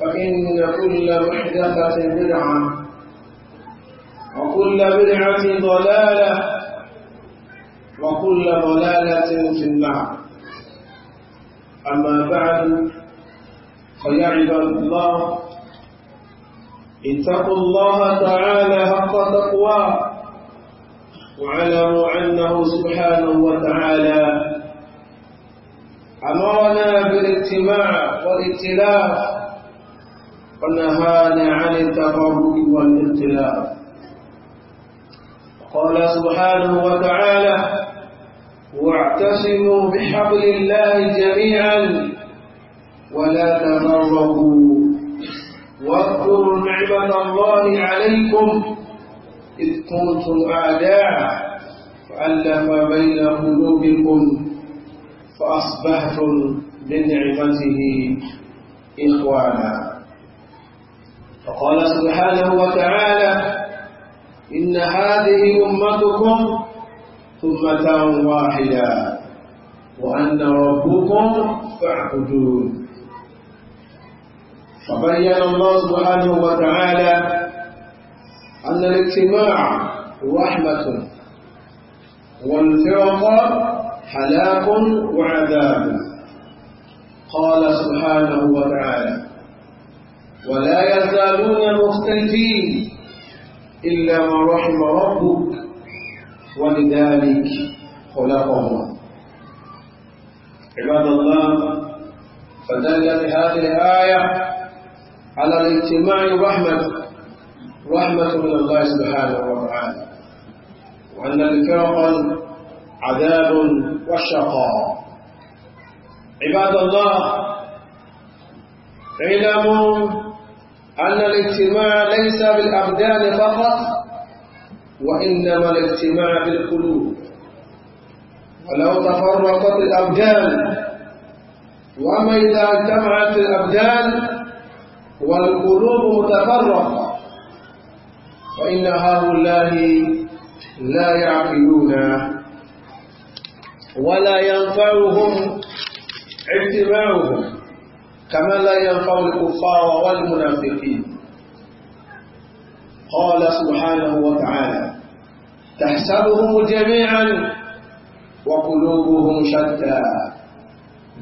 فإن كل محدثة بدعة وكل بدعة ضلالة وكل ضلالة في النار أما بعد فيا عباد الله اتقوا الله تعالى حق تقواه واعلموا أنه سبحانه وتعالى أمرنا بالاتباع والاتلاف ونهانا عن التفرق والاختلاف قال سبحانه وتعالى واعتصموا بحبل الله جميعا ولا تفرقوا واذكروا نعمة الله عليكم إذ كنتم أعداء فألف بين قلوبكم فأصبحتم بنعمته إخوانا فقال سبحانه وتعالى إن هذه أمتكم أمة واحدة وأن ربكم فاعبدون فبين الله سبحانه وتعالى أن الاجتماع رحمة والفرق هلاك وعذاب قال سبحانه وتعالى ولا يزالون مختلفين إلا ما رحم ربك ولذلك خلقهم عباد الله فدلت هذه الآية على الاجتماع رحمة رحمة من الله سبحانه وتعالى وأن الفرق عذاب وشقاء عباد الله اعلموا أن الاجتماع ليس بالأبدان فقط وإنما الاجتماع بالقلوب ولو تفرقت الأبدان وأما إذا اجتمعت الأبدان والقلوب متفرقة فإن هؤلاء لا يعقلون ولا ينفعهم اجتماعهم كما لا ينفع الكفار والمنافقين قال سبحانه وتعالى تحسبهم جميعا وقلوبهم شتى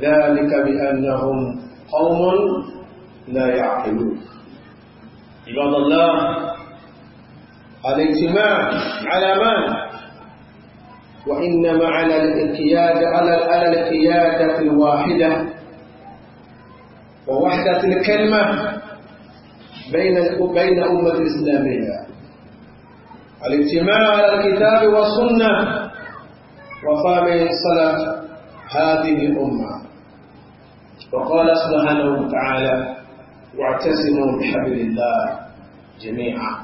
ذلك بأنهم قوم لا يعقلون عباد الله الاجتماع على من وإنما على القيادة على القيادة الواحدة ووحدة الكلمة بين بين أمة الإسلامية الاجتماع على الكتاب والسنة وقام سلف هذه الأمة وقال سبحانه وتعالى واعتصموا بحبل الله جميعا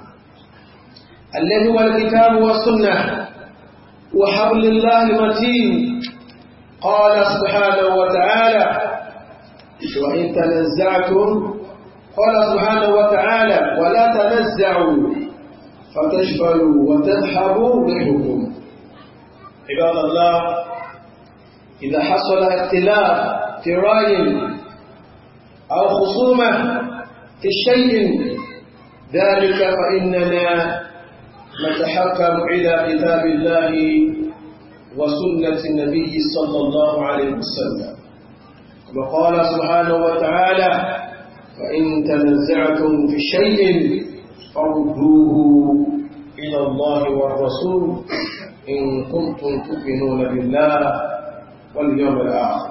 الذي هو الكتاب والسنة وحبل الله المتين قال سبحانه وتعالى وإن تنزعتم قال سبحانه وتعالى ولا تنزعوا فتشفلوا وتذهبوا بحكم عباد الله إذا حصل اختلاف في رأي أو خصومة في شيء ذلك فإننا نتحكم إلى كتاب الله وسنة النبي صلى الله عليه وسلم وقال سبحانه وتعالى فإن تنزعتم في شيء فردوه إلى الله والرسول إن كنتم تؤمنون بالله واليوم الآخر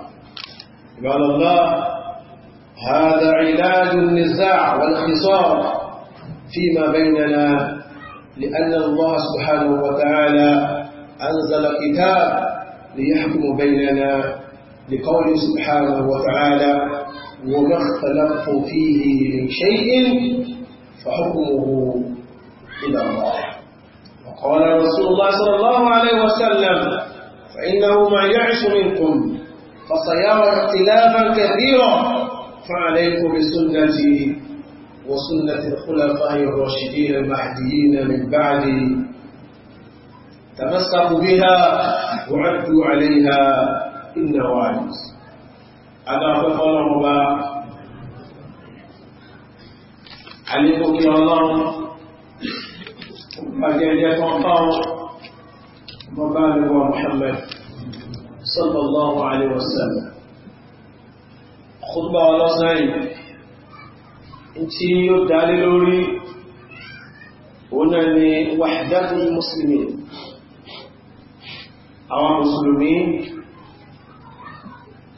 قال الله هذا علاج النزاع والخصام فيما بيننا لأن الله سبحانه وتعالى أنزل كتاب ليحكم بيننا لقوله سبحانه وتعالى وما اختلفت فيه من شيء فحكمه إلى الله وقال رسول الله صلى الله عليه وسلم فإنه من يعش منكم فسيرى اختلافا كثيرا فعليكم بسنتي وسنة الخلفاء الراشدين المهديين من بعدي تمسكوا بها وعدوا عليها ìdá wà ní agbáfẹ́fẹ́ ọlọ́run bá alékòkè ọlọ́run pàgẹ́gẹ́ kọ́kọ́ bọ́bá lọ́wọ́ Muhammad sallallahu alaihi wasallam kúrúbà ọlọ́sán yìí tí yóò dálé lórí òun ni wàhídá ní mùsùlùmí àwọn mùsùlùmí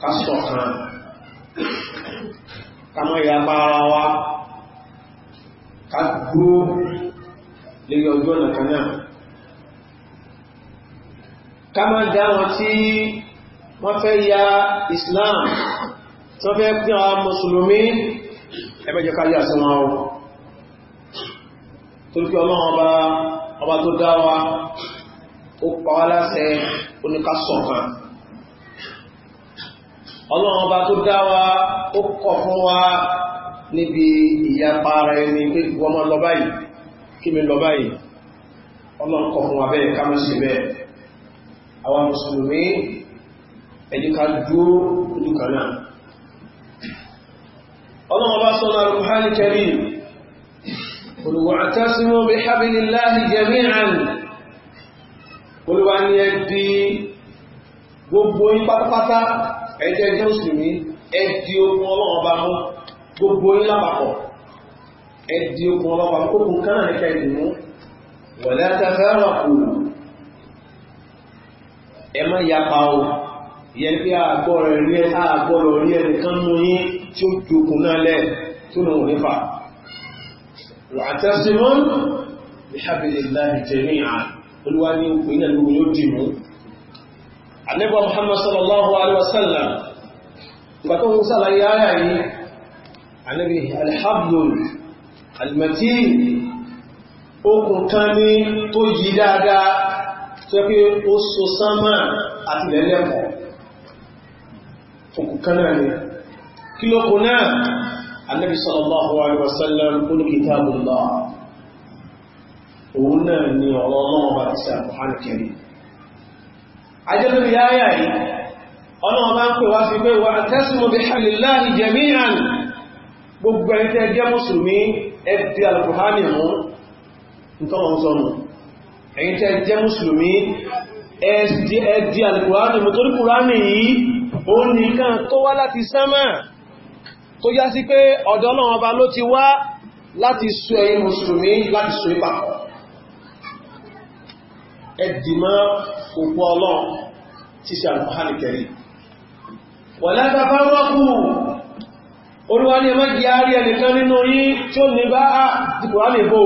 ká ṣọ̀kan ká mọ́ ìyapa ara wa ká dúró lórí ọjọ́ ọ̀nà náà ká má dá wọn tí wọ́n fẹ́ ya Islam tí wọ́n fẹ́ pín àwọn mùsùlùmí ẹgbẹ́jọ ká yà sí wọn o torípé ọlọ́run ọba tó dá wa ó pa oníkásọ̀kan ọlọ́run ọba tó dá wa ó kọ̀ fún wa níbi ìyapa ara ẹni pé wọ́n máa lọ báyìí kí mi lọ báyìí ọlọ́run kọ̀ fún wa bẹ́ẹ̀ ká mọ́ sí bẹ́ẹ̀ àwọn mùsùlùmí ẹ̀dùkà dúró ẹ̀dùkà náà ẹ̀jẹ̀ jẹ́ mùsùlùmí ẹ̀dì okun ọlọ́run ọba mú gbogbo yín lápapọ̀ ẹ̀dì okun ọlọ́run ọba kókun kan náà nìkan ìdùnnú wọ̀lẹ́ àtàkàrà kù ẹ má yapa o ìyẹn pé àgbọ̀ rẹ̀ rí ẹ àgbọ̀ rẹ̀ rí ẹnìkan mú yín tí ó ju okun náà lẹ̀ tó nà wò nípa wà á tẹ́sí mọ́ ìhàbìlì láti jẹ̀mí à olúwa ní òpin náà ló yóò dì mú النبي محمد صلى الله عليه وسلم بكم صلى الله عليه النبي الحبل المتين أقرتني تجدادا تبي أسسما أتلاليما فكناني كلو كنا النبي صلى الله عليه وسلم كل كتاب الله قلنا أني الله ما سبحانه الكريم ajẹ́lórí yáyà yìí ọlọ́wọ́ bá ń pè wá sí pé wà tẹ́sùmọ̀ bí hàlìláàrí jẹ̀míhàn gbogbo ẹ̀ tẹ́ jẹ́ mùsùlùmí ẹ̀dì alùkùhánì mú ntọ́wọ́n sọnù ẹ̀yin tẹ́ jẹ́ mùsùlùmí ẹ̀dì alùkùhánì mú torí kùránì yìí ó nìkan tó wá láti sánmà tó já sí pé ọ̀dọ̀ òkú ọlọ́run tí sí alùfáàlì kẹrì wọ̀lá tàbáwọ́kù olúwa ní ẹmọ́ gí àárí ẹnìkan nínú yín tí ó ní bá á dìkò á lè bó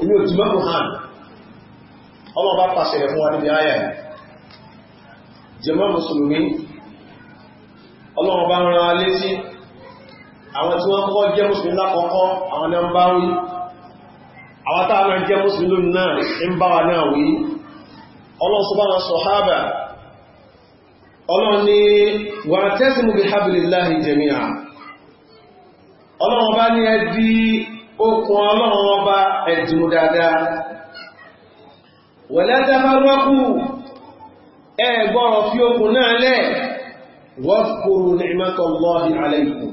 èmi ò jùmọ́ hàn ọmọ bá pàṣẹ rẹ̀ fún wa níbi jẹmọ́ ọlọ́run bá àwọn tí wọ́n kọ́kọ́ jẹ́ àwọn ọlọ́sọ́bára sọ̀hábà ọlọ́ni wà tẹ́sìmù bí hablillahi jami'a ọlọ́wọ́ bá ní ẹdí okùn ọlọ́wọ́ bá ẹ̀dùn dáadáa wala tafarraqu ẹgbọ́rọ̀ fi okùn náà lẹ́ wazkuru ni'matallahi alaykum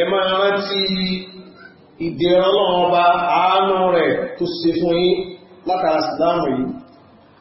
ẹ máa rántí ìdè ọlọ́wọ́ bá àánú rẹ̀ tó ṣe fún yín látara sílámù yìí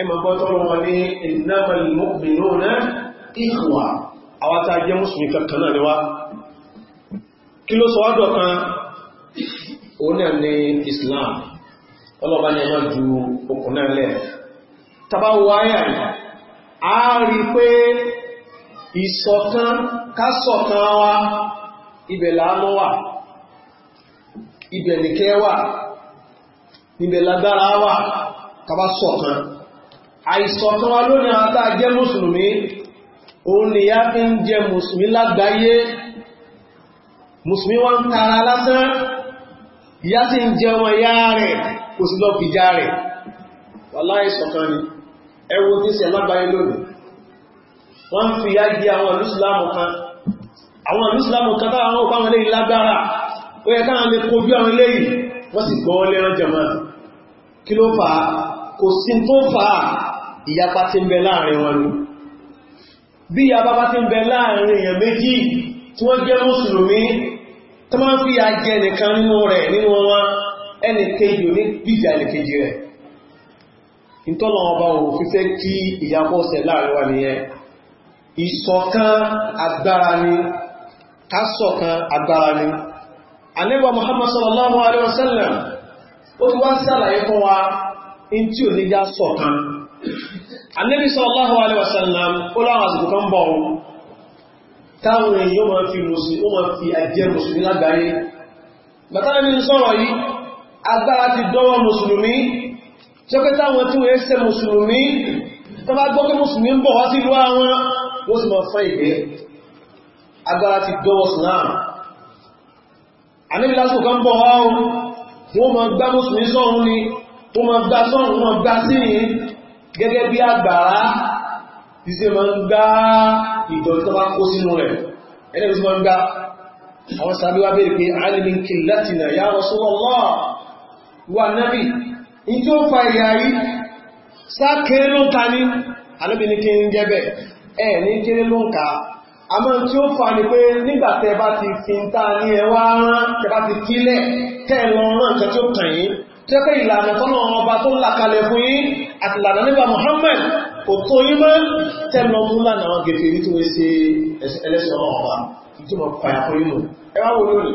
ẹmọ gbọ́tọ́rọ wọn ní innamal mu'minuna ikhwa àwọn tá jẹ́ mùsùlùmí kankan náà ni wá kí ló sọ́wọ́dọ̀ kan òun náà ní Islam ọlọ́bá ní ọmọ ju okùn náà tàbá wáyà àìsọ̀kan wa lónìí àwọn tá a jẹ́ mùsùlùmí òun ni ya fi ń jẹ mùsùlùmí lágbàáyé mùsùlùmí wọn tara lásán ìyá sì ń jẹ wọn ya rẹ̀ kò sí lọ fìjà rẹ̀ wàlá àìsọ̀kan ni ẹwọ tí ṣe lágbàáyé lónìí wọ́n fi ya jẹ àwọn olùsìlámù kan àwọn olùsìlámù kan táwọn ọ̀pá wọn léyìn lágbára ó yẹ káwọn lè kojú àwọn léyìn wọ́n sì gbọ́ lẹ́ran jẹ̀mọ́ kí ló fà á kò sí tó fà á ìyapa ti ń bẹ láàrin wọn ni bí ìyapa tí ń bẹ láàrin èèyàn méjì tí wọ́n jẹ́ mùsùlùmí tó máa ń fi nìkan nínú rẹ̀ nínú wọn ẹni kejì ní bíjà ẹni rẹ̀ ìtọ́nà ọba òun fi fẹ́ kí ìyapọ̀sẹ̀ láàrin wa agbára ni ti annabi sallallahu alaihi wasallam ó láwọn àsìkò kan bọ̀ táwọn èyí ó ma fi musulmi ó ma fi àjẹ́ musulmi lágbàáyé bàtàrà ní sọ̀rọ̀ yìí agbára ti dọ́wọ́ musulmi tí ó pé táwọn tí wọ́n ṣe musulmi tó bá gbọ́ pé musulmi ń bọ̀ wá sí ìlú àwọn wọ́n sì mọ̀ fún ìgbé agbára ti dọ́wọ́ sùnáà àníbi lásìkò kan bọ̀ wá ohun wọ́n ma gbá musulmi sọ́run ni wọ́n ma gbá sọ́run wọ́n ma gbá sí yìí gẹ́gẹ́ bí àgbàrá tí ṣe máa ń gbá ìdọ̀tí tó bá kó sínú rẹ̀ ẹ̀lẹ́ bí ṣe máa ń gbá àwọn sàbíwá bèèrè pé alimin kìlátìnà ya Rasulullah wà náàbì in tí ó fa ìyà yìí sákéré ló ta ní anábì àmọ́ tí ó fa ní pé nígbà bá ti fi ń ta ní ẹwà rán tẹ ti kílẹ̀ tẹ́ lọ rán nǹkan tí ó kàn yìí tó pé ìlànà tọ́nà ọba tó làkalẹ̀ fún yín àti ìlànà nípa Muhammad kò tó yí mọ́ tẹ́lọ mú lànà àwọn gẹ̀fẹ̀ rí tó wé sí ẹlẹ́sìn ọmọ ọba tó mọ̀ fàyà fún yín mú ẹwà wo lórí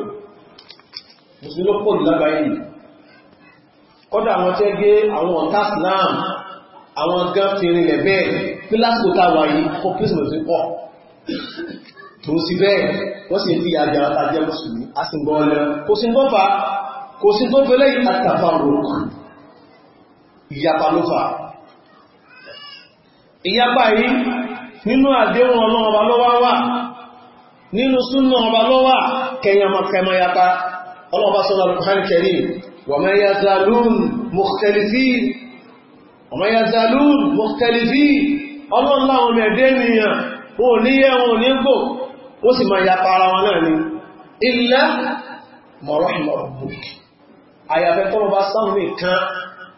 mùsùlùmí ló pọ̀ lágbàáyé kọ́dà àwọn tẹ́ gé àwọn ọ̀tá Islam àwọn gan fi sí bẹ́ẹ̀ wọ́n sì ń fi àjàrà tàjẹ́ mùsùlùmí a ọlẹ́ kò sí ń gbọ́ kò sí tó gbélé yìí àtàfàrò ìyapa ló fà ìyapa yìí nínú àdéhùn ọlọ́run ọba lọ́wọ́ wà nínú súnà ọba lọ́wà kẹyàmọ̀kẹmọ̀yapa ọlọ́ọ̀bá sọ́nà alùkùnrin kẹrì wàmẹ́ ya zalún mọ̀kẹ̀lìfí ọlọ́láwọn ẹ̀dẹ́ ènìyàn o ní ẹwọn ní gbò ó sì máa yapa ara wọn náà ni ilẹ̀ mọ̀rọ̀ àyàfẹ́ tọ́lọ̀ bá sáwọn nìkan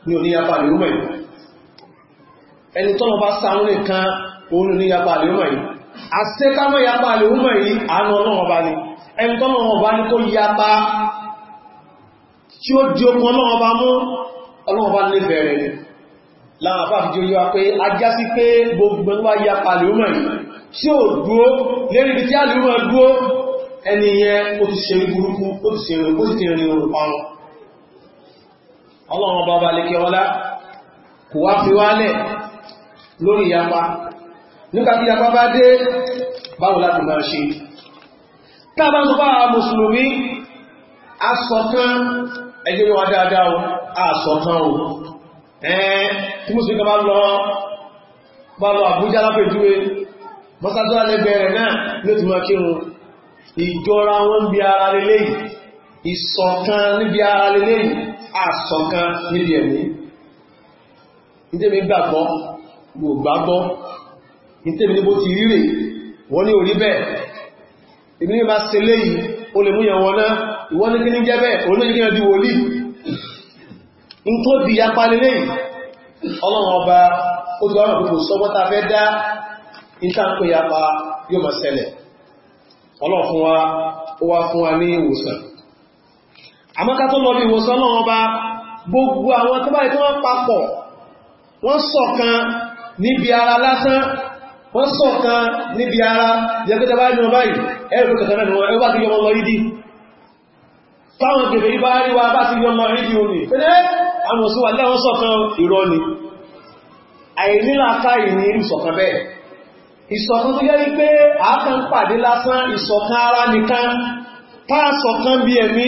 ní oníyapa àlèrúmọ̀ yìí ẹni tọ́lọ̀ bá sáwọn nìkan òun oníyapa àlèrúmọ̀ yìí àṣẹ́kámọ́ yapa àlèrúmọ̀ yìí àánú ọlọ́wọ́ bá ní ẹni tọ́lọ̀ wọn bá ní kó yapa tí ó di okun ọlọ́wọ́ bá mú ọlọ́wọ́ bá ní bẹ̀rẹ̀ ni láwọn àpá àfijọ́ ọlọ́run ọba lékẹ ọlá kò wá fi wálẹ̀ lórí ìyapa nígbà tí ìyapa bá dé báwo láti máa ṣe tábà tó bá mùsùlùmí asọ̀tán ẹgbẹ́ wa dáadáa o asọ̀tán o ẹ̀ẹ́n tí mùsùlùmí kan bá lọ bá lọ Àbújá lápẹjúwe mọ́sájọ́ alẹ́gbẹ̀ẹ́ rẹ̀ náà ló ti ìjọra wọn bí ara lélẹ́yìí ìṣọ̀kan níbi ara lélẹ́ àṣọ̀kan níbi ẹ̀mí nítẹ́mi gbàgbọ́ mo gbàgbọ́ nítẹ́mi ní bó ti rí rẹ̀ wọ́n ní orí bẹ́ẹ̀ ìbí ní bá ṣe léyìí o lè múyàn wọn náà ìwọ́n ní kí ní jẹ́ bẹ́ẹ̀ olóyìn di wòlíì ní tó bí yapa lélẹ́ ọlọ́run ọba ó ti wọ́n kò sọ́gbọ́ta fẹ́ dá ìtànkó yapa yóò ọlọ́run fún wa ó wá fún wa ní ìwòsàn àmọ́ká tó lọ bí ìwòsàn náà ọba gbogbo àwọn tó báyìí tó wọ́n papọ̀ wọ́n ṣọ̀kan níbi ara lásán wọ́n ṣọ̀kan níbi ara jẹ́gbẹ́ta báyìí ní ọba yìí ẹ̀rù kẹtẹ̀rẹ̀ ni wọ́n ẹwà ti yọmọ lọ rídí táwọn gẹ̀rẹ̀ ibá rí wa bá ti yọmọ rídí omi pẹ́lẹ́ àwọn òsùn wà lẹ́wọ́n ṣọ̀kan irọ́ ni àìnílàká ìní ìṣọ̀kan bẹ́ẹ̀ ìṣọ̀kan tó yẹ́ wípé àákan pàdé lásán ìṣọ̀kan ara nìkan táà ṣọ̀kan bí ẹ̀mí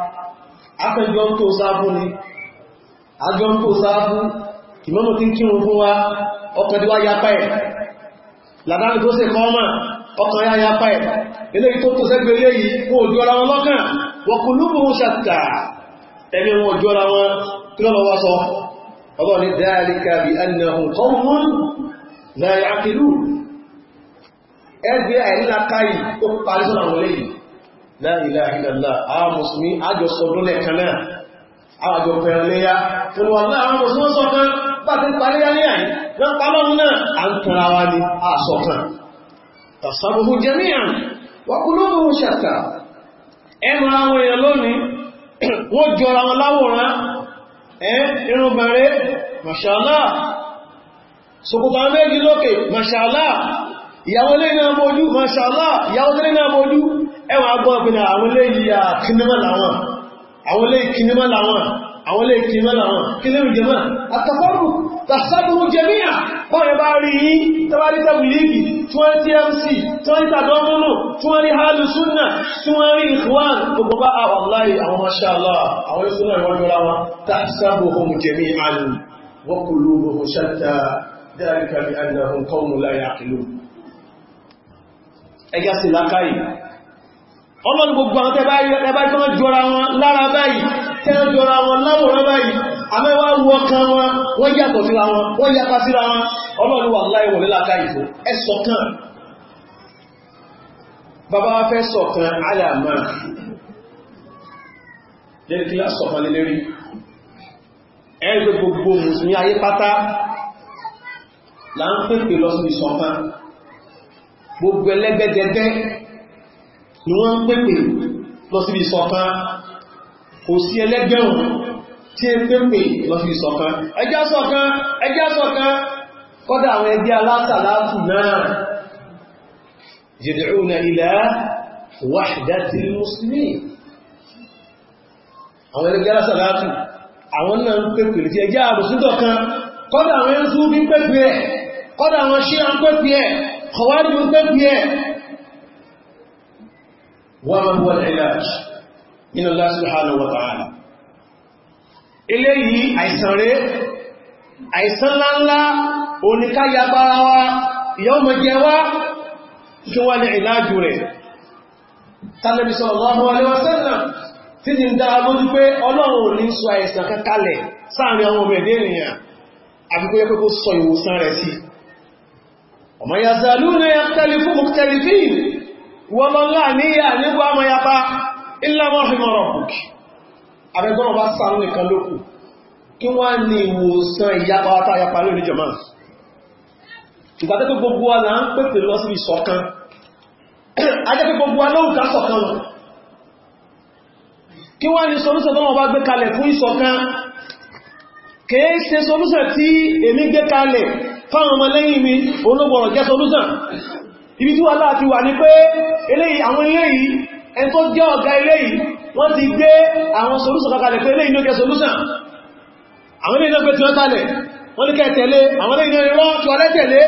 akẹjọ tó sáàbù ni àjọ tó sáàbù ìmọ́mù tí kírun fún wa ọkọ̀díwá yapa ẹ̀ làdáni tó sì kọ́ ọmọ ọkọ̀ ya yapa ẹ̀ ilé tó tó sẹ́gbẹ̀ ilé yìí kó ojú ara wọn lọ́kàn wọ́n kú lúbù ń ṣàtà ẹni wọn ojú ara wọn kí lọ́nà wá sọ ọgbọ́n ni dáríkà bí annahum qawmun la ya'qilun ẹgbẹ́ àìlàkàyì ó parí sọ́nà àwọn lẹ́yìn la ilaha illallah àwọn mùsùlùmí àjọ sọdún lẹ́kan náà àwọn àjọ pẹ̀rẹ̀ léyá pẹ̀lú àwọn àwọn mùsùlùmí sọ̀kan bá ti parí ayé àyí wọ́n pàlọ́ náà à ń tara wa ní àṣọ̀kan tasabuhu jami'an wa qulubuhu shatta ẹnu àwọn èèyàn lónìí wọ́n jọra wọn láwòrán ẹ́ irúgbẹ̀rẹ́ mọ̀ṣálá sokùtà méjì lókè mọ̀ṣálá ìyàwó lẹ́nà mọ́jú mọ̀ṣálá ìyàwó lẹ́nà mọ́jú ẹwà gbọ́ pínlẹ̀ àwọn ilé ìyà kìnnìmọ̀ làwọn àwọn ilé ìkìnnìmọ̀ làwọn àwọn ilé ìkìnnìmọ̀ làwọn kí lè àtàkọ́rù tàṣàdùn jẹmíà bọ́ọ̀rẹ̀ bá rí yí tàbárí tàbílìgì 20mc 20adọ́múnù 20 halùsúnnà 20 ìkwán gbogbo bá àwọn aláì àwọn mashallah àwọn ìsúnà ìwọ́jọ́ra wọn tàṣàbùhùn jẹmíà وقلوبهم ذلك بأنهم قوم لا يعقلون ẹjá sí lákàáyì ọlọ́run gbogbo àwọn tẹ́ bá jọ jọra wọn lára báyìí tẹ́ jọra wọn láwòrán báyìí àmẹ́wà wọ kan wọn wọ́n yàtọ̀ síra wọn wọ́n yapa síra wọn ọlọ́run wà láì wọ̀lé láká ìfò ẹsọ kan bàbá wa fẹ́ sọ kan alàmà lẹ́rí kí lásọ kan lélérí ẹgbẹ́ gbogbo mùsùlùmí ayé pátá là ń pèpè lọ sí ìṣọ̀kan gbogbo ẹlẹ́gbẹ́jẹgbẹ́ ni wọ́n ń pèpè lọ sí ibi sọ̀kan kò sí ẹlẹ́gbẹ̀rún tí ẹ pèpè lọ sí ibi sọ̀kan ẹjá sọ̀kan ẹjá sọ̀kan kọ́dà àwọn ẹgbẹ́ alásàlátù náà yad'una ila wahdatil muslimin àwọn ẹgbẹ́ alásàlátù àwọn náà ń pèpè lọ sí ẹjá àbòsútọ̀ kan kọ́dà وما هو العلاج من الله سبحانه وتعالى eléyìí àìsàn rẹ̀ àìsàn ńláńlá oníkáyà bára wa ìyá ọmọ jẹ wá kí wá ní ìlàájú rẹ̀ tàbí sallallahu alaihi wasallam tí ni dára lójú pé ọlọ́run ní sọ àìsàn kankalẹ̀ sáàrin àwọn ọmọ ẹ̀dẹ́ ènìyàn àbíkó yẹ pé kó sọ ìwòsàn rẹ̀ sí ọmọ yàzàlú ní ẹ̀tẹ́lifú mọ̀tẹ́lifí wọ́n mọ́ ńlá ní ìyà nígbà mọ́ yapa ilá mọ́rìnmọ́rọ̀ bùkì abẹ́gbọ́n bá sáà nìkan lókù kí wọ́n ní ìwòsàn ìyapa wátá yapa lórí jọmọ́ ìgbàtẹ́kọ́ gbogbo wa là ń pèpè lọ sí ìṣọ̀kan ajẹ́kọ́ gbogbo wa lóhùn ká ṣọ̀kan lọ kí wọ́n ní solúsẹ̀ tó wọ́n bá gbé kalẹ̀ fún ìṣọ̀kan kìí ibi tí wà láti wà ní pé eléyìí àwọn ilé yìí ẹn tó jẹ́ ọ̀gá ilé yìí wọ́n ti gbé àwọn solúsàn kàkàlẹ̀ pé eléyìí ló jẹ́ solúsàn àwọn ilé ìlọ́gbẹ́ tí wọ́n tàlẹ̀ wọ́n ní kẹtẹ̀lé àwọn ilé ìlọ́ tí wọ́n lẹ́tẹ̀lé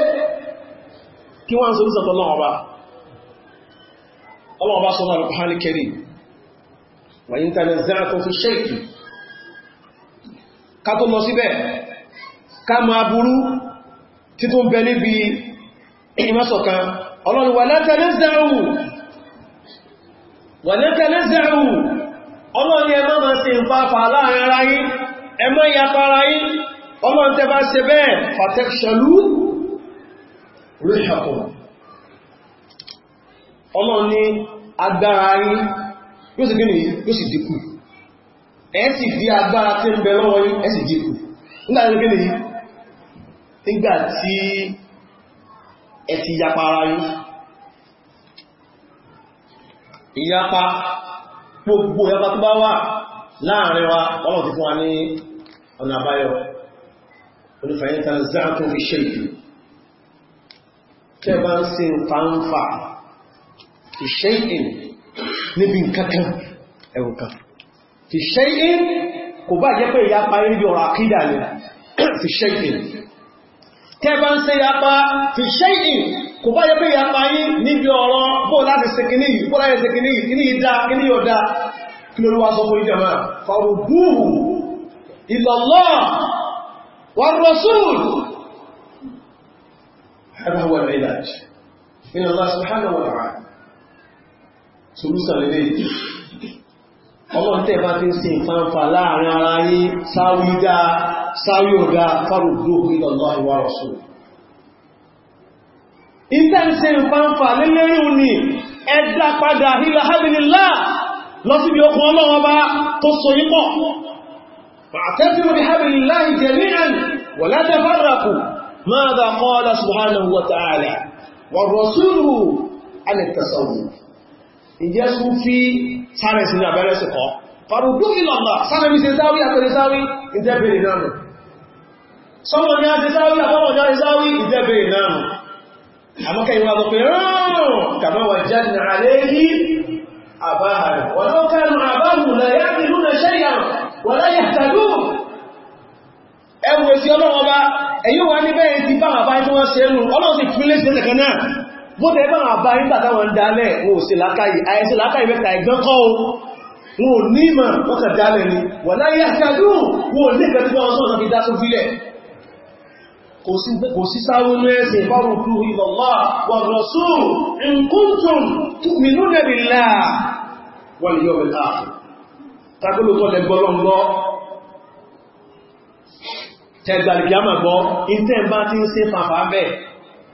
kí ọlọ́run wà wà ṣe tẹ bá ṣe bẹ́ẹ̀ fàtẹ́ṣẹ̀lú ríṣàkùn ọlọ́run ní agbára yín yóò sì gínú yóò sì dínkù fi agbára tí ń bẹ lọ́wọ́ sì nígbàtí ẹ ti yapa ara yín ìyapa gbogbo ìyapa tó bá wà láàrin wa ọlọ́dí fún wa ní ọ̀nà àbáyọ onífàyíta záàtún fi ṣe ìlú tẹ́ bá ń sin fàánfà fi ṣe ìlú níbi nkankan ẹ̀wùnkan fi ṣe ìlú kò bá jẹ́ pé ìyapa ibi ọ̀rọ̀ àkídà ni fi ṣe ìlú tẹ́bá ń ṣe yapa fi ṣẹ́yìn kò bá yẹ pé yapa yín níbi ọ̀rọ̀ bó láti ṣe kìíní yìí kó láyé ṣe kìíní yìí kìíní yìí dá kìíní yóò dá kí ló wá sọ fún ìjọba fàrùbúhù ìlọ̀lọ́ wà rọ̀sùn ẹgbẹ̀wọ̀ ìlàjì nínú ọlá sùhánà wà rà solúsàn bá ti ń ṣe ìfànfà láàrin ara yín sáwídáa sáré ọ̀dá fárúgbó ìlọ́lọ́ ìwà ọ̀sùn ìtẹ́ǹsẹ̀ ìfàǹfà lélẹ́rí òní ẹ̀dá padà ìlà hábìnilá lọ síbi okùn ọlọ́wọ́ bá tó so yípọ̀ فاعتصموا بحبل الله جميعا ولا تفرقوا ماذا قال سبحانه وتعالى والرسول عن التصوف ìjẹ́ sún fi sáré sí àbẹ́rẹ́ sí kọ́ farudú ìlọ́lá sáré bí se sáwí náà sọ́mọ̀ ní àti sáwí àbọ́mọ̀ ní àti sáwí ìjẹ́bẹ̀rẹ̀ náà àmọ́kẹ́ ìwà lọ pé rọrùn kàmọ́ wà jẹ́dìnà àléhì àbáhàrì wọ́n ló kẹ́rù àbáhù na yá nínú na ṣẹ́yà wọ́n láyé àtàdù ẹwù èsì ọlọ́wọ́ba èyí wà ní bẹ́ẹ̀ ti bá àbá tí wọ́n ṣe nù ọlọ́sì fílẹ̀ sí ẹ̀kan náà bó tẹ́ bá àbá nígbà táwọn dalẹ̀ wọn ò sí lákàyè àìsí lákàyè mẹ́ta ẹ̀gbọ́n kọ́ wọn ò ní ìmọ̀ wọ́n kà dalẹ̀ ni wọ́n láyé àtàdù wọn ò ní ìgbẹ́ tí wọ́n sọ́nà fi dá sófílẹ̀ kò sí sáwọn ní ẹsẹ̀ fọ́rùn fún ìlọ́lá wà rọ̀sù ǹkúntùn mìnú nẹ̀bìlá wọ́n yọ ìlà takólótọ́ lẹ́gbọ́lọ́gbọ́ tẹgbàlìyàmàgbọ́ intẹ́ bá ti ń ṣe fàfà bẹ́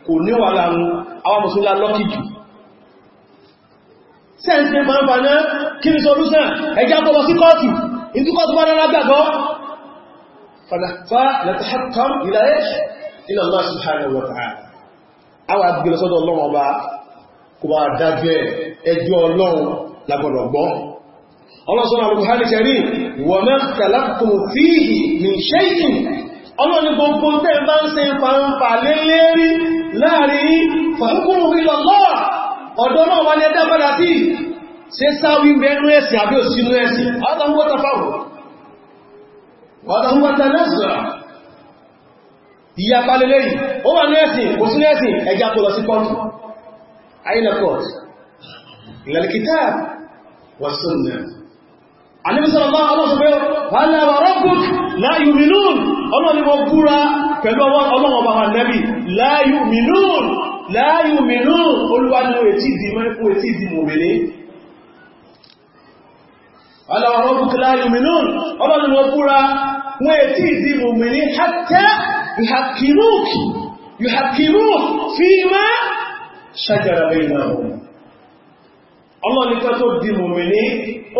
kò ní wà lárun àwọn mùsùlá lọ́kì jù sẹ́ǹsẹ́ máa ń bà náà kí ni ila Allah subhanahu wa ta'ala àwa gbé lọ sọ́dọ̀ Ọlọ́run ọba kò bá dájọ́ ẹjọ́ Ọlọ́run la gbọ́dọ̀ gbọ́ Allah subhanahu wa ta'ala ṣe rí wa ma ikhtalaftum fihi min shay'in ọlọ́ni gbogbo tẹ́ bá ń ṣe ìfàǹfà lélérí ìyapa lélẹ́yìn ó wà nẹ́ẹ̀sìn kò sí nẹ́ẹ̀sìn ẹjá kó lọ sí kọ́ọ̀tù àìlẹ̀ kọ́ọ̀tù ìlàlìkítà wà súnnà anìbísọ̀rọ̀lá ọlọ́sọ̀fẹ́ wàhálà rọ́bùk láyù mìnún ọlọ́niwọ̀ búra pẹ̀lú ọlọ́wọ̀bà nẹ́bì láyù mìnún láyù mìnún olúwàníwò ètí ìdìmọ́ẹ́kú ètí ìdìmọ̀mẹ́lẹ́ wàhálà rọ́bùk láyù mìnún ọlọ́niwọ̀ búra wọ́n ètí ìdìmọ̀mẹ́lẹ́ يحكموك يحكموك فيما شجر بينهم ọlọ́ni ká tó di mòmìnì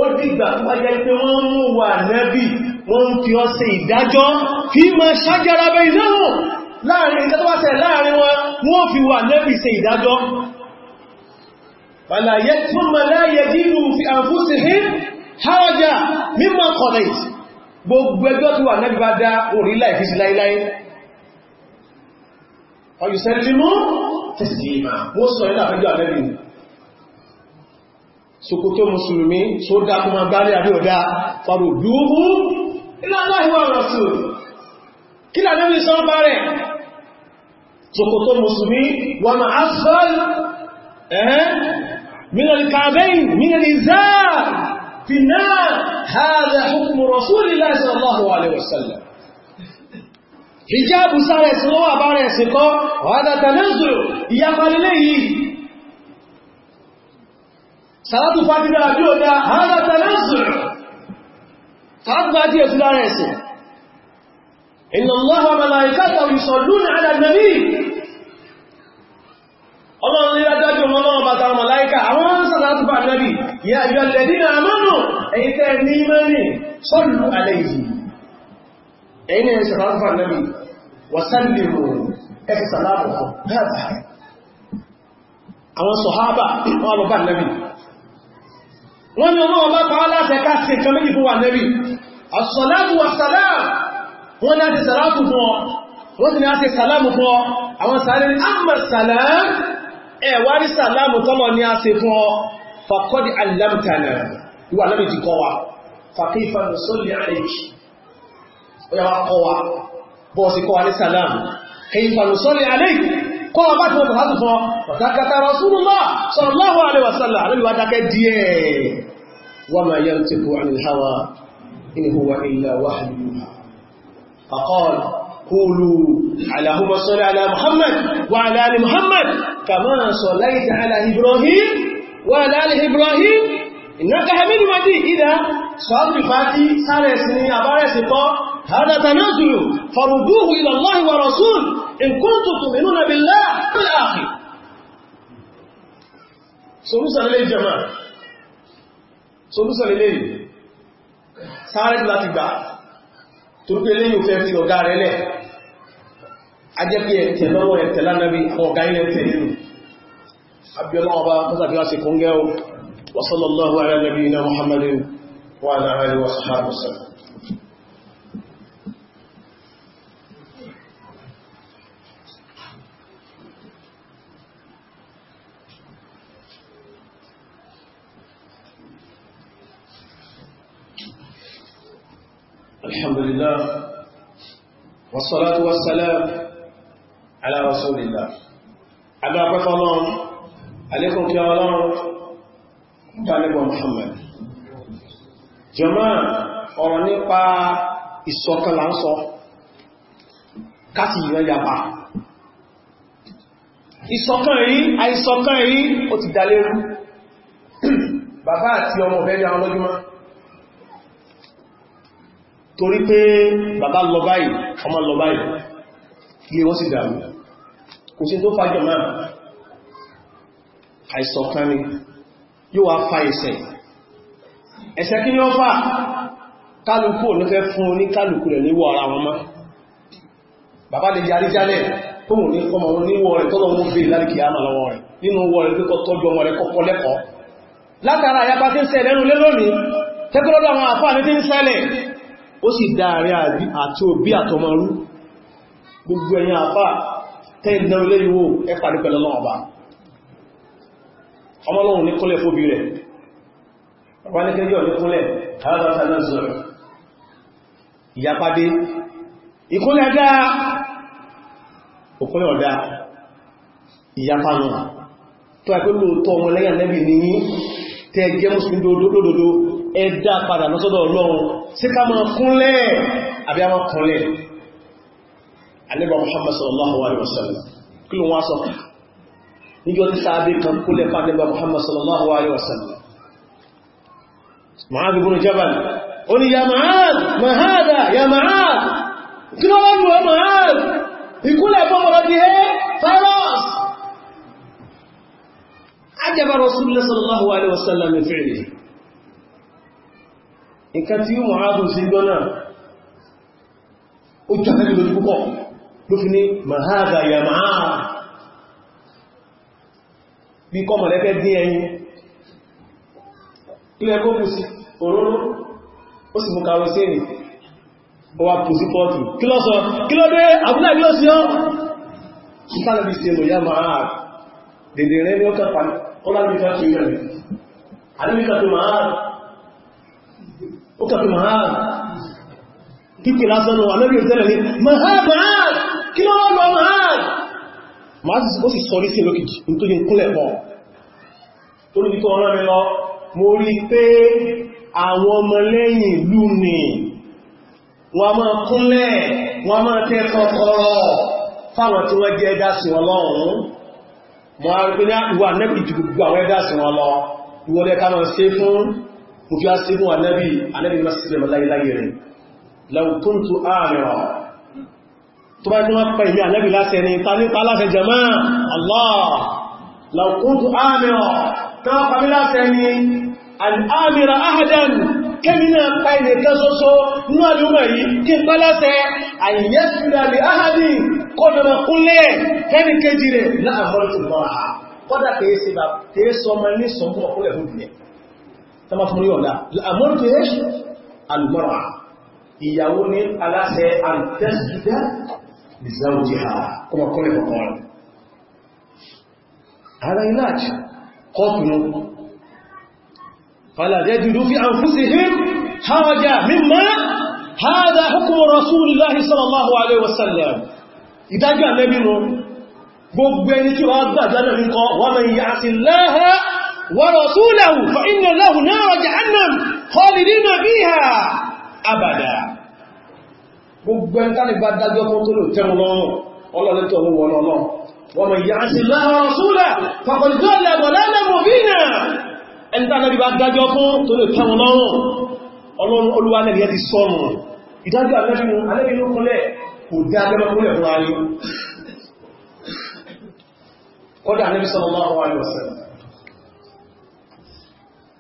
ó dìgbà pàjẹ́ pé wọ́n mú wà nẹ́bí wọ́n ń fi ọsẹ̀ ìdájọ́ fi ma ṣájára bẹ ìdáhùn láàrin ìdájọ́wàṣẹ̀ láàrin wọn wọ́n fi wà nẹ́bí ṣe ìdájọ́ wàlàyé tún ma láyé dínú fi àfúsì hìn hárájá mímọ̀ kọ̀lẹ̀ gbogbo ẹgbẹ́ tó wà nẹ́bí bá dá orílẹ̀ ìfisí láíláí ọ̀yùsẹ́lẹ́mọ́ tẹ̀sílìmà ó sọ ilẹ̀ àfẹ́jọ́ àbẹ́bìn sokoto musulmi tó dá kó ma gbárí àbí ọ̀dá faru dúhú iláláhíwá rọ̀sù kí là lórí sọ bá rẹ̀ sokoto musulmi wà ma asfal ẹ̀hẹ́ minal kàbẹ́yìn minal izá fi náà hàdà hukumu rasulillah sallallahu alaihi wasallam hijabu sára ẹ̀sìn lọ́wọ́ àbára ẹ̀sìn kọ́ ọ̀hádàtà lẹ́sùn ìyapalẹ́lẹ́ yìí sàlátù fàtídà àbí òdá ọ̀hádàtà lẹ́sùn sàlátù fàtí ẹ̀sìn lára ẹ̀sìn inna Allaha wa malaikatahu yusalluna ala an-nabi ọlọ́run lè dájú ọmọ ọmọ bàtà màláíkà àwọn sàlátù fàtídà àbí yà ìjọ lẹ́dínà àmọ́nù ẹ̀yìn ni ṣàlátù fún ànábì wàsánlẹ̀mù ẹ̀sì ṣàlátù fún àwọn sọ̀hábà wọ́n lọ bá ànábì wọ́n ni ọlọ́wọ́ bá pàá láti ẹ̀ká sí nǹkan méjì fún ànábì àṣọ̀látù wàsálàm wọ́n ni a ti ṣàlátù fún ọ wọ́n ti ni a ti ṣàlámù fún ọ àwọn sàárẹ̀ àmà sàlám ẹ̀wárí ọ̀yà wa kọ́ wa bọ́ọ̀sì kọ́ wa ní sàlám kayfa nusalli alayk kọ́ wa bá ti wọ́n tàbí fún ọ takata rasulullah sallallahu alaihi wasallam alẹ́bí wa dákẹ́ díẹ̀ wa ma yantiqu anil hawa in huwa illa wahyu faqal قولوا اللهم صل على محمد وعلى ال محمد كما صليت على ابراهيم وعلى ال ابراهيم انك حميد مجيد اذا صلى بفاتي سارس ني ابارس تو هذا تنازل فردوه إلى الله ورسول إن كنتم تؤمنون بالله الآخر solúsàn ilé ìjẹmà solúsàn ilé ìlú sáré láti gbà tó pé lè yóò fẹ́ fi ọ̀gá rẹ̀ lẹ̀ ajẹ́pẹ́ ẹ̀tẹ̀ lọ́wọ́ ẹ̀tẹ̀ lánàbí àwọn ọ̀gá ilẹ̀ ẹ̀tẹ̀ nínú abiyọ́lọ́wọ́ba mọ́sàbíwá sí kóngẹ́ الحمد لله والصلاة والسلام على رسول الله على قفلان عليكم كيالان عليكم محمد جماعة ọ̀rọ̀ nípa ìṣọ̀kan là ń sọ káàkiri ìyọ́ yapa ìṣọ̀kan èyí àìṣọ̀kan èyí ó ti dalérú bàbá àti ọmọ ọ̀fẹ́ bí àwọn ọlọ́gbọ́n torí pé bàbá lọ báyìí ọmọ lọ báyìí yíò wọ́n sì dàmù kò sí tó fàájọ máa àìsọ̀kan ni yóò wá fa ẹ̀ṣẹ̀ ẹ̀ṣẹ̀ kí ni ó fà kálùkù ò ní fẹ́ fún ní kálùkù rẹ̀ níwọ̀ ara wọn má bàbá lè jarí jálẹ̀ tó mù ní ọmọ wọn níwọ̀ rẹ̀ tọ́lọ mú fi láríkì àmà lọ́wọ́ rẹ̀ àwọn àfáà ní tí ń ṣẹlẹ̀ ó sì dáàrin àti òbí àtọmọrú gbogbo ẹ̀yin àpá tẹ́ẹ̀dá olé ìwò ẹpàdé pẹ̀lú ọlọ́ọ̀bá ọmọlọ́run ní kúnlẹ̀ fóbi rẹ̀ ọba ní kẹjọ ní kúnlẹ̀ alábátà náà zọrọ̀ ìyàpadé ìkúnlẹ̀ dáa òkúnlẹ̀ ọ̀dá ìyàpanu tó ẹgbẹ́ lóòótọ́ ọmọ lẹ́yìn Ànábì ní tẹ́ẹ̀gẹ́ mùsùlùmí lódodo ẹ̀dá padà lọ́sọ́dọ̀ ọlọ́run sí ká máa kúnlẹ̀ àbí àwọn kúnlẹ̀ alẹ́bà Muhammad sallallahu alaihi wasallam kí ló wá sọ níjọ́ tí sáàbí kan kúnlẹ̀ fún alẹ́bà Muhammad sallallahu alaihi wasallam Mu'adh ibn Jabal ó ní ya Mu'adh mahada ya Mu'adh kí ló wá lùwẹ́ Mu'adh ìkúnlẹ̀ fọ́mọ̀lọ́ di ẹ́ fáírọ́s ajaba nǹkan tí ó mọ̀hádùn sí gbọ́nà ó jàmẹ́lì lórí púpọ̀ ló fi ní mahada ya máa bí kọ́ mọ̀lẹ́fẹ́ dín ẹyin ilẹ̀ kó kù sí òróró ó sì mú kàrọ sí èrì ó wá kù sí pọ́ọ̀tù kí ló sọ ó kàfí mahab kíkì lásánà wà lórí ìtẹ́lẹ̀ ní mahab mahab kí ló wọ́n lọ mahab mahab ó sì sọrí sí lókìkì nítorí kúnlẹ̀ pọ̀ tó níbi tó ọ̀rọ̀ mi lọ mo rí pé àwọn ọmọlẹ́yìn ìlú ni wọ́n máa kúnlẹ̀ wọ́n máa tẹ́ kọ́kọ́rọ́ fáwọn tí wọ́n jẹ́ ẹ̀dá sí wọn lọ́rùn mo rí ní ìwà nẹ́bì ju àwọn ẹ̀dá sí wọn lọ ìwọlẹ́ ká máa ṣe fún mo fi á sí fún anẹ́bí anẹ́bí má sílẹ̀ láyé rẹ̀ lẹ́kúntù ààrẹ̀wà tó bá ní wọ́n pẹ̀ ìmí anẹ́bí lásẹ̀ ní tànípa lásẹ̀ jẹmá Allah lẹ́kúntù ààrẹ̀wà tó wọ́n pàmí lásẹ̀ ní al'amira ahadan kẹ́mínà ní àdúgbà yìí kí n tọ́mọ́ fún ní ọ̀lá al'amurtish al'mọ́ra ìyàwó ní aláṣẹ àtẹ́sìdá ìzáwòjì ha kuma kúrẹ̀ kọkọrọ ara ináàj kọ́tùnú falàjẹ́ jùlú fi an fúsì him hawaja mímọ́ haɗa hukumar rasulullahi sallallahu alaihi wasallam ìdájọ́ alẹ́binu gbogbo ẹni tí wọ́n gbà jẹ́ ورسوله فإن له نار جهنم خالدين فيها أبدا gbogbo ẹni tàbí bá dájọ́ fún tó lò tẹ́rù lọ́rùn ọlọ́lẹ́tọ̀ owó wọ́n lọ́nà wọ́n mọ̀ ìyá sí láwọn ọ̀súnlẹ̀ fàkọ̀lùjọ́ lẹ́gbọ̀ lẹ́lẹ́mọ̀ bí nà ẹni tàbí bá dájọ́ fún tó lò tẹ́rù lọ́rùn ọlọ́run olúwa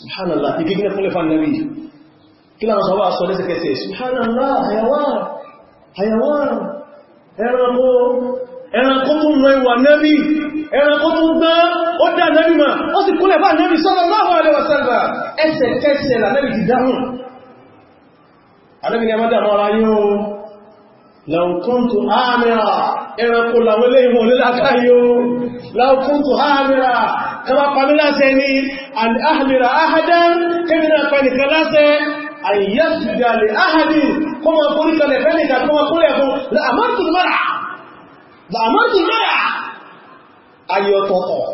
subhanallah ìgbígbín fún lẹ́fà nàbí kí láwọn sọ wá sọ lẹ́sẹ̀kẹsẹ̀ subhanallah hayawan hayawan ẹranko ẹranko tún rọ ìwà nàbí ẹranko tún gbá ó dá nàbí ma ó sì kúnlẹ̀ bá nàbí sallallahu alaihi wasallam ẹsẹ̀kẹsẹ̀ lànàbí ti dáhùn anábì ni a má dámọ́ ara yóò lọ́nkúntù àmìrà ẹranko làwọn ilé ìwọ̀n lílá kama pàmí láṣẹ ní al'ahmira ahadan kébì náà pẹ̀lú kan láṣẹ ayyásùdà lè ahadi kó ma kórí kalẹ̀ fẹ́lẹ̀ kan kó ma kórí ẹ̀kún la'amartu mara la'amartu mara ayọ̀tọ̀tọ̀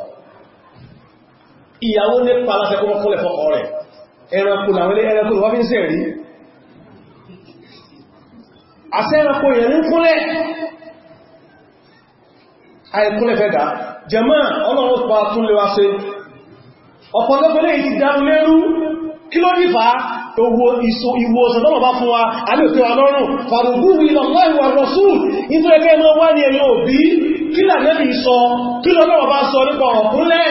ìyàwó ní pàlásẹ kó ma kórí fọ́kọ rẹ̀ ẹranko làwọn ẹranko lọ́wọ́ fi ń sẹ̀rí àṣẹ́ranko yẹ̀ ní àìkúnlẹ̀fẹ́dà jẹmọ́ ọlọ́run pa tún lè wá sí ọ̀pọ̀lọpọ̀lẹ̀ ìsì dáun lérú kí ló nífà owó ìsò ìwò ọ̀sọ̀tọ́mọ̀ bá fún wa alóòfin wa lọ́rùn fàrùgbù ilallahi wa rasul nítorí ẹgbẹ́ mọ́ wá ní ẹ̀yìn òbí kí lànẹ́bì sọ kí lọ́lọ́wọ́ bá sọ nípa ọ̀kúnlẹ̀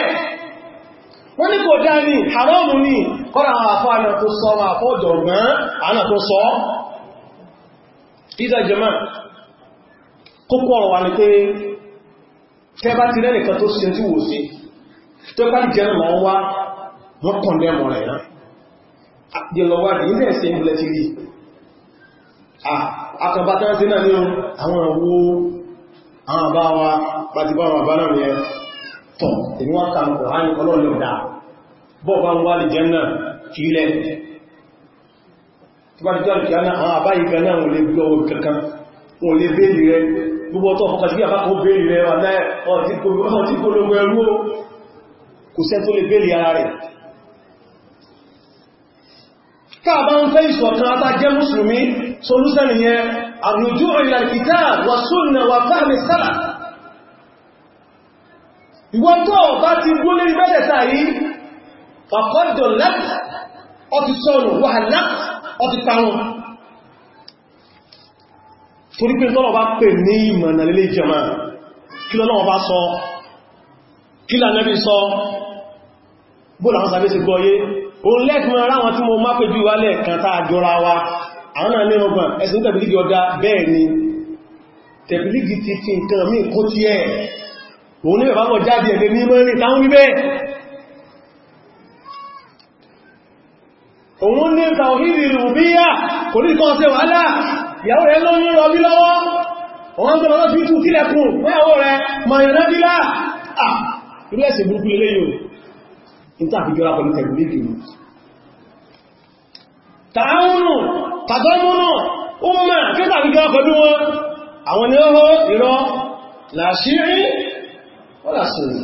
wọ́n ní kò dá ní haramu ní kọ́ra àwọn àfọ́ àna tó sọ àwọn àfọ́ ọ̀dọ̀gbọ́n àna tó sọ ìdájẹ́mà kókó ọ̀rọ̀ wà ní pé tẹ́ bá ti rẹ́nìkan tó ṣe tí wò sí tó bá jẹ́ mọ́ wá wọ́n kàn lẹ́mọ̀ rẹ̀ náà àjẹ́lọ́wádìí ilẹ̀ ẹ̀sẹ̀ ìbìlẹ̀ ti rí àkàbátánátí náà ní àwọn àwọ àwọn àbáwa pàtìbáwọn àbá náà yẹ tọ̀ èmi wọ́n ka ọ̀pọ̀ hàn ọlọ́lẹ̀ ọ̀dá bọ́ bá ń wá lè jẹ́ náà kí ilẹ̀ tí bá ti jọ́ gbogbo ọ̀tọ̀ fọ́kà sí àbákò bèèrè rẹ̀ wà náà ọ̀tí polówó ẹrú kò sẹ́ tó lè bèèrè ara rẹ̀ káàbá ń fẹ́ ìṣọ̀kan atájẹ́ mùsùlùmí solúsẹ́nì yẹn àrùjú ìlà kitab wà súnnà wà fáàmì sára ìwọ́n tó bá ti gún lórí mẹ́tẹ̀ẹ̀ta yìí fàkọ́dọ̀ lẹ́pù ọti sọ́nù wà lẹ́pù ọti parun torí pé tọ́lọ̀ bá pè ní ìmọ̀nà lè jẹma kí lọ́lọ́wọ́ bá sọ kí lànẹ́bí sọ bóòlà wọn sàbẹ́sì gbọ́yé òun lẹ́gbọ́n ara tí mo má pè jù wálẹ̀ kan tá àjọra wa àwọn náà lẹ́rọgbọ̀n ẹ̀sìn tẹ̀bílígì ọdá bẹ́ẹ̀ ni tẹ̀bílígì ti fi nǹkan mí kó tí ẹ̀ òun ní bẹ̀bá mọ̀ jáde ẹ̀lẹ́ ní mọ́rin táwọn wíbẹ́ òun ní tàwọn ìyàwó rẹ̀ ló ní rọbí lọ́wọ́ wọ́n tó lọ́wọ́ sí tún kílẹ̀kùn mẹ́wọ́ rẹ̀ mayonadila irú ẹ̀sẹ̀ burúkú ilé yóò ìtàfijọ́ra pẹ̀lú tẹ̀gbìlìkì ni tààrùnù tàgọ́mùnù ọmọ kẹtàfijọ́ra pẹ̀lú wọn àwọn ni ó ìrọ làṣírí ọlàṣírí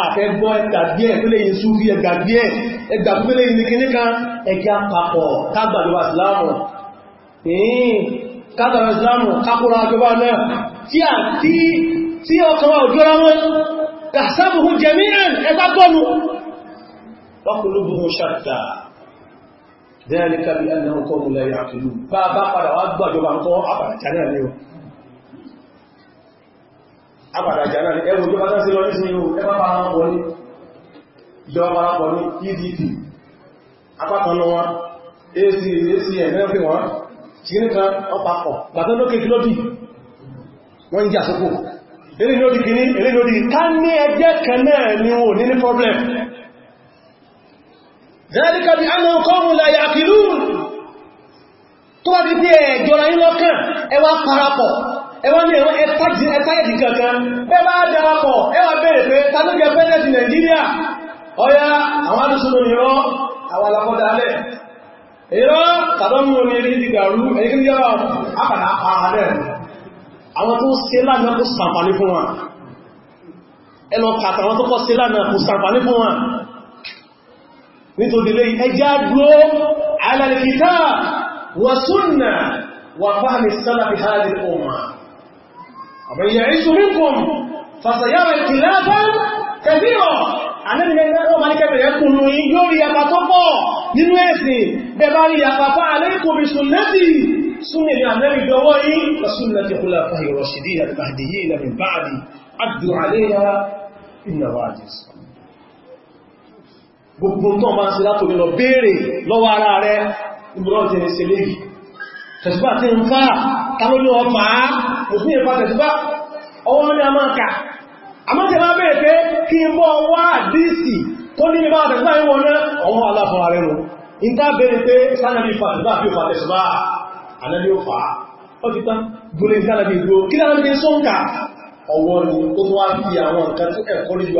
àfẹ́gbọ́ ẹgbàgbé ẹ̀pẹ́lẹ̀ yìí súnfí ẹgbàgbé ẹgbàgbé Hmm. kátàrà islamu kákùrà àjọba náà tí a tí tí ọkọ̀wà òjòrò wọn tàṣàbùhù jẹ́mìíràn ẹgbàgbọ́nu wákùlùbùhùn ṣàtà dẹ́ẹ̀lẹ́kàbí ẹnàrùn kọ́mù lẹ́yìn àkìlú bá bá padà wá gbàjọba ń kọ́ àpàdàjà náà ní o àpàdàjà náà ní ẹwù ìjọba náà sí lọ ní sí ihò ẹgbà parapọ̀ ní ìjọba parapọ̀ ní pdp apákanú wọn ac acn ẹgbẹ̀ wọn kìíní kan ọpapọ̀ bàtán lókè kí lódì wọ́n ń jà sókò eré lódì kìíní eré lódì ká ní ẹgbẹ́ kan náà ni wò ní ní problem zẹ́ríkà bí ánà kọ́mù láyé àkìlú tó wá di pé ẹ̀jọ́ra yí lọ́kàn ẹwà parapọ̀ ẹwà ní ẹwà ẹ̀tàjì kankan ẹwà darapọ̀ ẹwà bẹ̀rẹ̀ pé ta ló jẹ pẹ́lẹ̀ ti Nàìjíríà ọya àwọn alùsùn lónìí ìrọ́ tàbí wọn ní ilé ìdìgbàrú ẹ̀yìn yọ́ àpàdà ààrẹ àwọn tó ṣe lánàá kò sàǹfàní fún wọn ẹlọ kàtà wọn tó kọ́ ṣe lánàá kò sàǹfàní fún wọn nítorí lè ẹjá dúró ala al anẹ́bìnrin سنة النبي دوائي وسنة خلفاء الراشدين المهديين من بعد عدوا عليها بالنواجس gbogbo tó máa sí látò nílọ béèrè lọ́wọ́ ara rẹ̀ ìmúrọ̀ jẹni sí léyìí tẹ̀síbà tí ń fà tàbí ní ọmọ àá òfin ìfà tẹ̀síbà ọwọ́ ní a máa kà àmọ́tẹ̀ máa bẹ̀rẹ̀ pé kí n bọ́ wá díìsì tó ní ní bá àtẹ̀síwá ìwọ̀n náà ọmọ aláfọ́ ààrẹ rùn in tá bẹ̀rẹ̀ pé sánàbí fàtẹ̀síwá àbí òfàtẹ̀síwá ànábí ó fà á ó ti tán gúnlẹ̀ sánàbí ìgbò kí láàrín sọ́nkà ọwọ́ ni ó wá fi àwọn nǹkan tí ẹ̀kọ́ lójú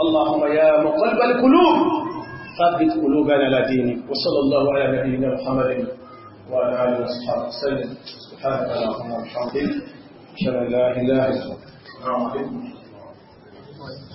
اللهم يا مقلب القلوب ثبت قلوبنا على دينك وصلى الله على نبينا محمد وعلى اله وصحبه وسلم سبحانك اللهم وبحمدك اشهد ان لا اله الا انت